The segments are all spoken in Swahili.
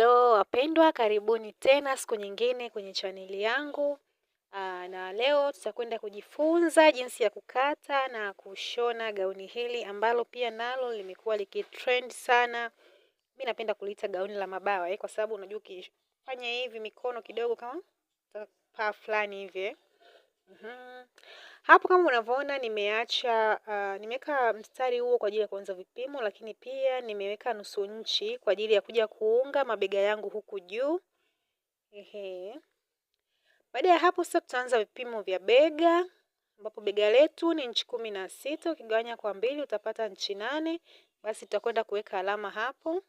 Hello wapendwa, karibuni tena siku nyingine kwenye chaneli yangu. Aa, na leo tutakwenda kujifunza jinsi ya kukata na kushona gauni hili ambalo pia nalo limekuwa likitrend sana. Mi napenda kuliita gauni la mabawa eh, kwa sababu unajua ukifanya hivi mikono kidogo kama paa fulani hivi eh. mm -hmm. Hapo kama unavyoona nimeacha uh, nimeweka mstari huo kwa ajili ya kuanza vipimo, lakini pia nimeweka nusu nchi kwa ajili ya kuja kuunga mabega yangu huku juu. Ehe. Baada ya hapo sasa tutaanza vipimo vya bega ambapo bega letu ni nchi kumi na sita ukigawanya kwa mbili utapata nchi nane. Basi tutakwenda kuweka alama hapo,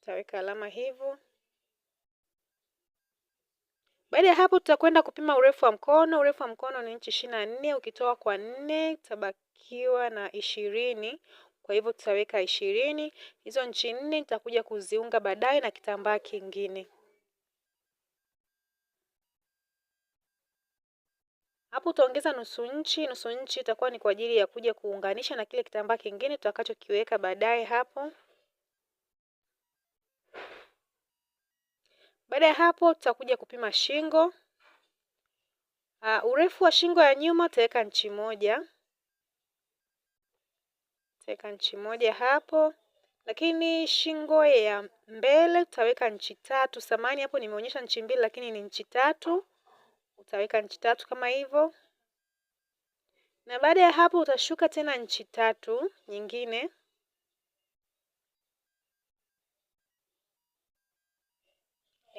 tutaweka alama hivyo. Baada ya hapo tutakwenda kupima urefu wa mkono. Urefu wa mkono ni inchi ishirini na nne ukitoa kwa nne tutabakiwa na ishirini. Kwa hivyo tutaweka ishirini. Hizo nchi nne nitakuja kuziunga baadaye na kitambaa kingine. Hapo utaongeza nusu nchi. Nusu nchi itakuwa ni kwa ajili ya kuja kuunganisha na kile kitambaa kingine tutakachokiweka baadaye hapo. Baada ya hapo tutakuja kupima shingo. Uh, urefu wa shingo ya nyuma utaweka nchi moja, utaweka nchi moja hapo, lakini shingo ya mbele utaweka nchi tatu. Samani hapo nimeonyesha nchi mbili, lakini ni nchi tatu, utaweka nchi tatu kama hivyo, na baada ya hapo utashuka tena nchi tatu nyingine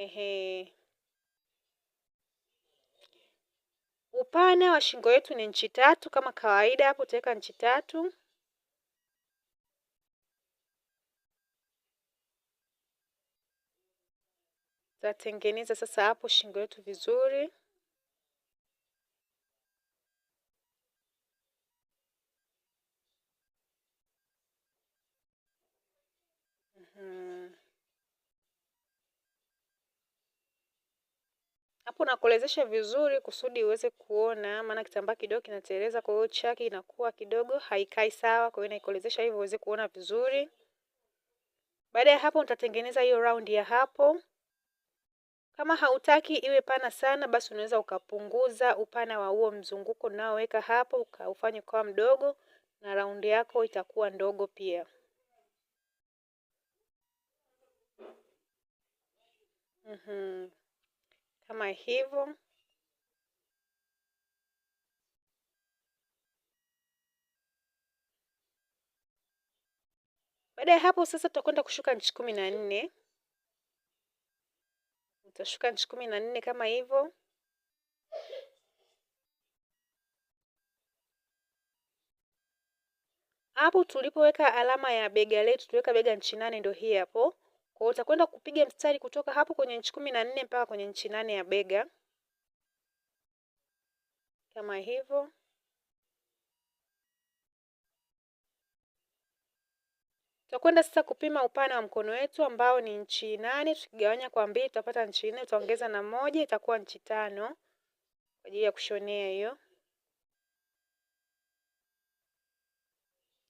Ehe. Upana wa shingo yetu ni nchi tatu kama kawaida hapo utaweka nchi tatu. Tutatengeneza sasa hapo shingo yetu vizuri. na vizuri kusudi uweze kuona, maana kitambaa kidogo kinateleza, kwa hiyo chaki inakuwa kidogo haikai sawa, kwa hiyo naikolezesha hivyo uweze kuona vizuri. Baada ya hapo nitatengeneza hiyo round ya hapo. Kama hautaki iwe pana sana, basi unaweza ukapunguza upana wa huo mzunguko unaoweka hapo ukaufanye kwa mdogo, na raundi yako itakuwa ndogo pia. Mm-hmm kama hivyo. Baada ya hapo sasa tutakwenda kushuka nchi kumi na nne. Utashuka nchi kumi na nne kama hivyo. Hapo tulipoweka alama ya bega letu, tuliweka bega nchi nane, ndio hii hapo. Kwa hiyo utakwenda kupiga mstari kutoka hapo kwenye nchi kumi na nne mpaka kwenye nchi nane ya bega kama hivyo. Tutakwenda sasa kupima upana wa mkono wetu ambao ni nchi nane. Tukigawanya kwa mbili tutapata nchi nne, tutaongeza na moja itakuwa nchi tano kwa ajili ya kushonea hiyo.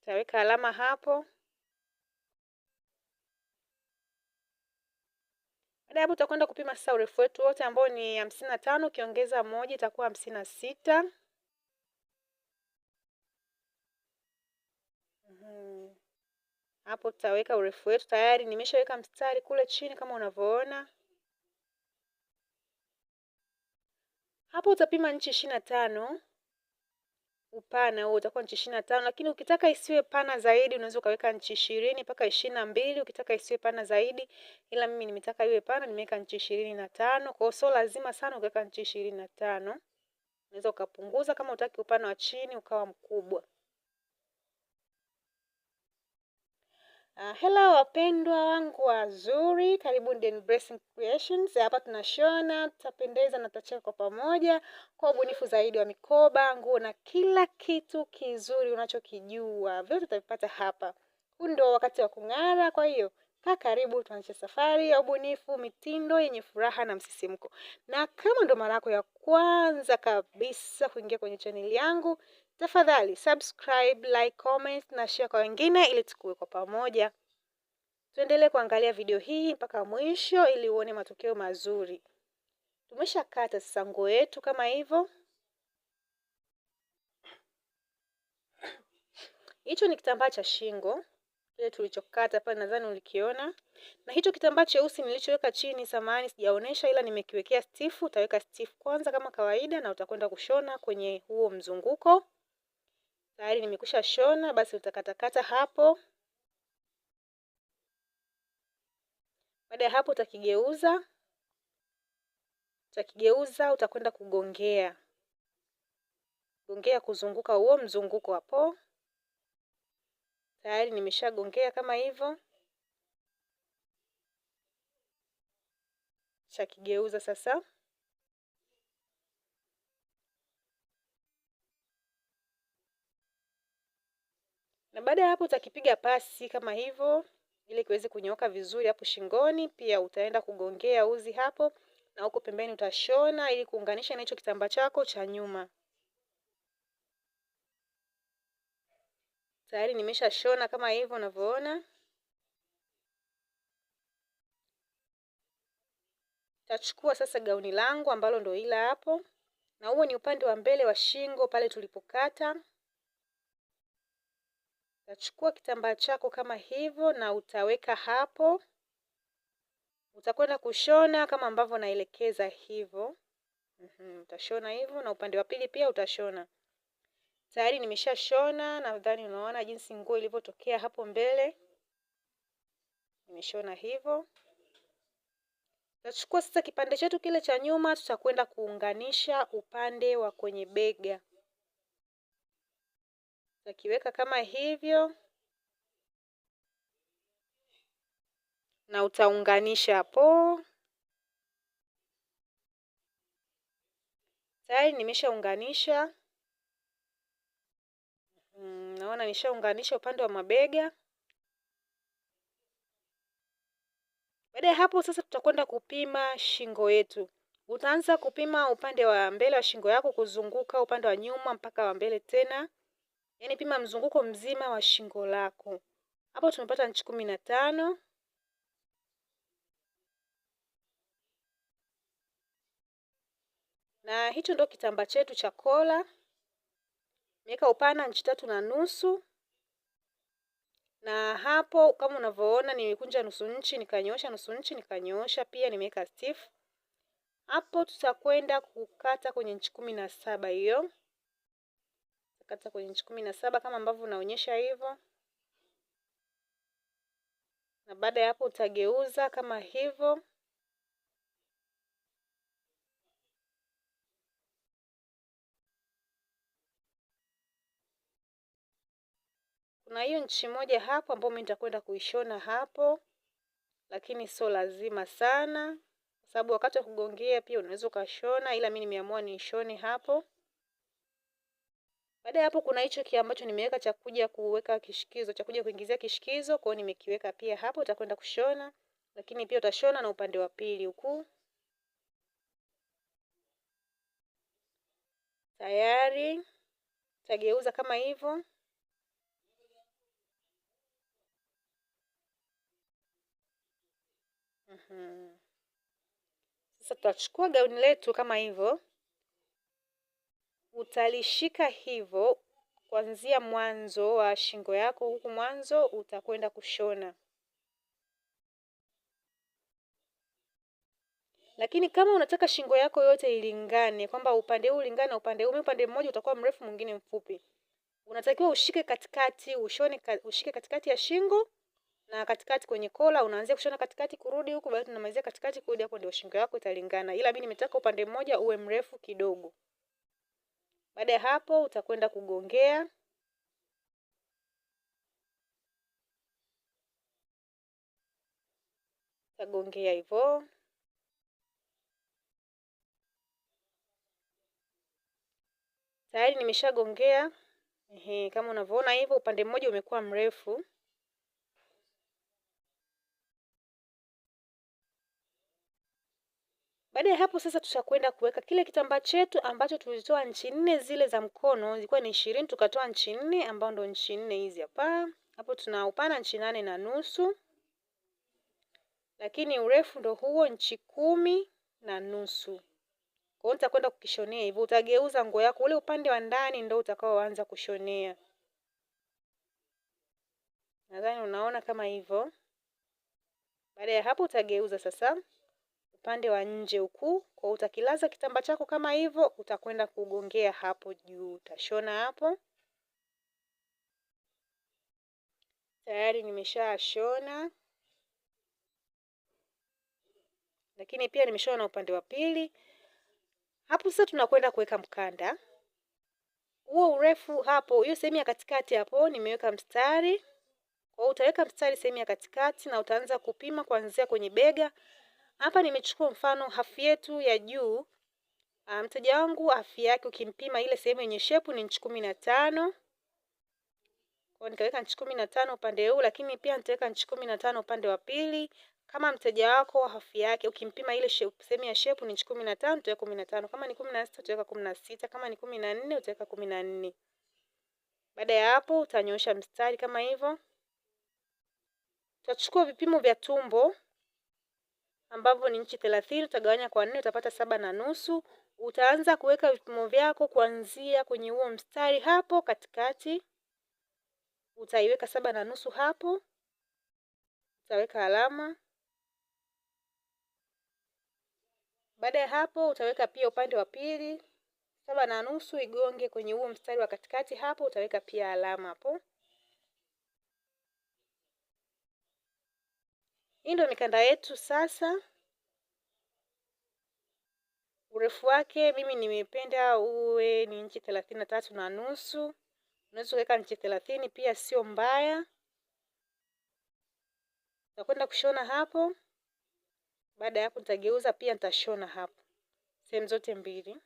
Tutaweka alama hapo. Baada ya hapo tutakwenda kupima sasa urefu wetu wote ambao ni hamsini na tano ukiongeza moja itakuwa hamsini na sita. Mhm. Hapo tutaweka urefu wetu tayari, nimeshaweka mstari kule chini kama unavyoona. Hapo utapima nchi ishirini na tano upana huo utakuwa nchi ishirini na tano lakini ukitaka isiwe pana zaidi unaweza ukaweka nchi ishirini mpaka ishirini na mbili ukitaka isiwe pana zaidi ila mimi nimetaka iwe pana nimeweka nchi ishirini na tano kwa hiyo sio lazima sana ukaweka nchi ishirini na tano unaweza ukapunguza kama utaki upana wa chini ukawa mkubwa Uh, hello wapendwa wangu wazuri, karibu Deni Blessing Creations. Hapa tunashona, tutapendeza na tutacheka kwa pamoja kwa ubunifu zaidi wa mikoba, nguo na kila kitu kizuri unachokijua, vyote utavipata hapa. Huu ndio wakati wa kung'ara, kwa hiyo Kaa karibu, tuanze safari ya ubunifu, mitindo yenye furaha na msisimko. Na kama ndo mara yako ya kwanza kabisa kuingia kwenye chaneli yangu, Tafadhali subscribe, like, comment na share kwa wengine ili tukue kwa pamoja. Tuendelee kuangalia video hii mpaka mwisho ili uone matokeo mazuri. Tumeshakata sasa nguo yetu kama hivyo. Hicho ni kitambaa cha shingo kile tulichokata pale, nadhani ulikiona. Na hicho kitambaa cheusi nilichoweka chini, samani sijaonesha, ila nimekiwekea stifu. Utaweka stifu kwanza kama kawaida, na utakwenda kushona kwenye huo mzunguko tayari nimekusha shona, basi utakatakata hapo. Baada ya hapo, utakigeuza utakigeuza, utakwenda kugongea gongea kuzunguka huo mzunguko hapo. Tayari nimeshagongea kama hivyo, chakigeuza sasa. na baada ya hapo utakipiga pasi kama hivyo, ili kiweze kunyooka vizuri hapo shingoni. Pia utaenda kugongea uzi hapo, na huko pembeni utashona ili kuunganisha na hicho kitambaa chako cha nyuma. Tayari nimeshashona kama hivyo unavyoona. Tachukua sasa gauni langu ambalo ndo ila hapo, na huo ni upande wa mbele wa shingo pale tulipokata. Utachukua kitambaa chako kama hivyo na utaweka hapo. Utakwenda kushona kama ambavyo naelekeza hivyo. Mm-hmm, utashona hivyo na upande wa pili pia utashona. Tayari nimeshashona, nadhani unaona jinsi nguo ilivyotokea hapo mbele. Nimeshona hivyo. Tutachukua sasa kipande chetu kile cha nyuma, tutakwenda kuunganisha upande wa kwenye bega. Utakiweka kama hivyo na utaunganisha hapo. Tayari nimeshaunganisha, mm, naona nishaunganisha upande wa mabega. Baada ya hapo sasa, tutakwenda kupima shingo yetu. Utaanza kupima upande wa mbele wa shingo yako kuzunguka upande wa nyuma mpaka wa mbele tena yani pima mzunguko mzima wa shingo lako. Hapo tumepata nchi kumi na tano. Na hicho ndo kitambaa chetu cha kola. Nimeweka upana nchi tatu na nusu, na hapo kama unavyoona nimekunja nusu nchi nikanyosha, nusu nchi nikanyosha, pia nimeweka stiff. Hapo tutakwenda kukata kwenye nchi kumi na saba hiyo kata kwenye nchi kumi na saba kama ambavyo unaonyesha hivyo, na baada ya hapo utageuza kama hivyo. Kuna hiyo nchi moja hapo ambayo mimi nitakwenda kuishona hapo, lakini sio lazima sana, sababu wakati wa kugongea pia unaweza ukashona, ila mimi nimeamua niishone hapo. Baada ya hapo kuna hicho ambacho nimeweka cha kuja kuweka kishikizo, cha kuja kuingizia kishikizo, kwa hiyo nimekiweka pia hapo. Utakwenda kushona, lakini pia utashona na upande wa pili huku. Tayari utageuza kama hivyo. Mhm. Sasa tutachukua gauni letu kama hivyo utalishika hivyo kuanzia mwanzo wa shingo yako huku mwanzo utakwenda kushona. Lakini kama unataka shingo yako yote ilingane, kwamba upande huu ulingane upande huu, upande mmoja utakuwa mrefu mwingine mfupi, unatakiwa ushike katikati, ushone ushike katikati ya shingo na katikati kwenye kola, unaanzia kushona katikati kurudi huku, basi unamalizia katikati kurudi. Hapo ndio shingo yako italingana, ila mimi nimetaka upande mmoja uwe mrefu kidogo. Baada ya hapo utakwenda kugongea utagongea hivyo tayari nimeshagongea. Ehe, kama unavyoona hivyo, upande mmoja umekuwa mrefu. Baada ya hapo sasa, tutakwenda kuweka kile kitambaa chetu ambacho tulitoa nchi nne zile za mkono, zilikuwa ni ishirini, tukatoa nchi nne ambao ndo nchi nne hizi hapa. Hapo tuna upana nchi nane na nusu, lakini urefu ndo huo nchi kumi na nusu. Kwa hiyo nitakwenda kukishonea hivyo, utageuza nguo yako, ule upande wa ndani ndo utakaoanza kushonea. Nadhani unaona kama hivyo. Baada ya hapo utageuza sasa upande wa nje huku. Kwa utakilaza kitamba chako kama hivyo, utakwenda kugongea hapo juu, utashona hapo. Tayari nimeshashona, lakini pia nimeshona upande wa pili. Hapo sasa tunakwenda kuweka mkanda huo urefu hapo, hiyo sehemu ya katikati hapo nimeweka mstari. Kwa utaweka mstari sehemu ya katikati na utaanza kupima kuanzia kwenye bega hapa nimechukua mfano hafu yetu ya juu, ah, mteja wangu hafu yake ukimpima ile sehemu yenye shepu ni nchi kumi na tano kwa nikaweka nchi kumi na tano upande huu, lakini pia nitaweka nchi kumi na tano upande wa pili. Kama mteja wako hafu yake ukimpima ile sehemu ya shepu ni nchi kumi na tano utaweka kumi na tano kama ni kumi na sita utaweka kumi na sita kama ni kumi na nne utaweka kumi na nne Baada ya hapo utanyoosha mstari kama hivyo. Tutachukua vipimo vya tumbo ambavyo ni nchi thelathini, utagawanya kwa nne, utapata saba na nusu. Utaanza kuweka vipimo vyako kuanzia kwenye huo mstari hapo katikati, utaiweka saba na nusu hapo, utaweka alama. Baada ya hapo, utaweka pia upande wa pili saba na nusu igonge kwenye huo mstari wa katikati hapo, utaweka pia alama hapo. Hii ndio mikanda yetu sasa. Urefu wake mimi nimependa uwe ni inchi thelathini na tatu na nusu. Unaweza kuweka inchi thelathini pia sio mbaya. Nitakwenda kushona hapo. Baada ya hapo nitageuza pia nitashona hapo sehemu zote mbili.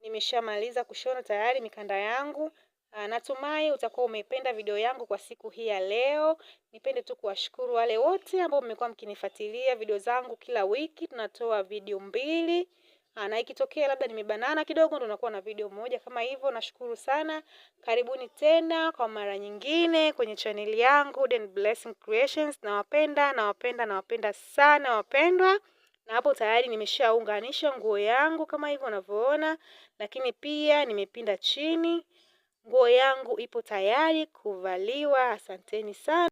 Nimeshamaliza kushona tayari mikanda yangu. Ah, natumai utakuwa umeipenda video yangu kwa siku hii ya leo. Nipende tu kuwashukuru wale wote ambao mmekuwa mkinifuatilia video zangu kila wiki. Tunatoa video mbili ah, na ikitokea labda nimebanana kidogo ndo nakuwa na video moja kama hivyo. Nashukuru sana, karibuni tena kwa mara nyingine kwenye chaneli yangu Den Blessing Creations. Nawapenda, nawapenda, nawapenda sana wapendwa, na hapo tayari nimeshaunganisha nguo yangu kama hivyo unavyoona, lakini pia nimepinda chini Nguo yangu ipo tayari kuvaliwa. Asanteni sana.